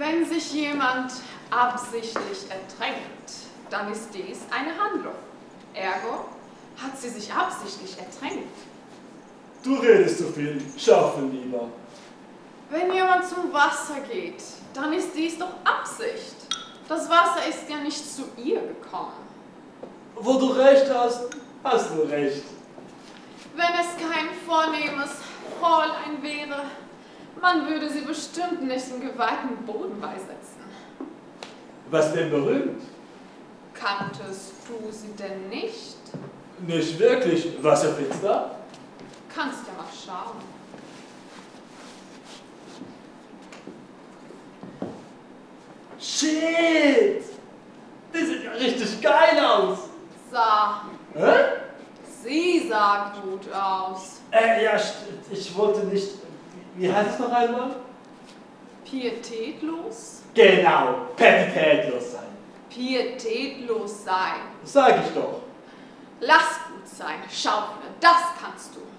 Wenn sich jemand absichtlich ertränkt, dann ist dies eine Handlung. Ergo hat sie sich absichtlich ertränkt. Du redest zu viel, schaffe lieber. Wenn jemand zum Wasser geht, dann ist dies doch Absicht. Das Wasser ist ja nicht zu ihr gekommen. Wo du recht hast, hast du recht. Wenn es kein vornehmes man würde sie bestimmt nicht im geweihten Boden beisetzen. Was denn berühmt? Kanntest du sie denn nicht? Nicht wirklich, Was Wasserfenster. Kannst ja mal schauen. Shit! Die sieht ja richtig geil aus! Sah. Hä? Sie sah gut aus. Äh, ja, stimmt. Ich wollte nicht wie heißt es noch einmal? Pietätlos? Genau, pietätlos sein. Pietätlos sein. Sag ich doch. Lass gut sein, Schaufler, das kannst du.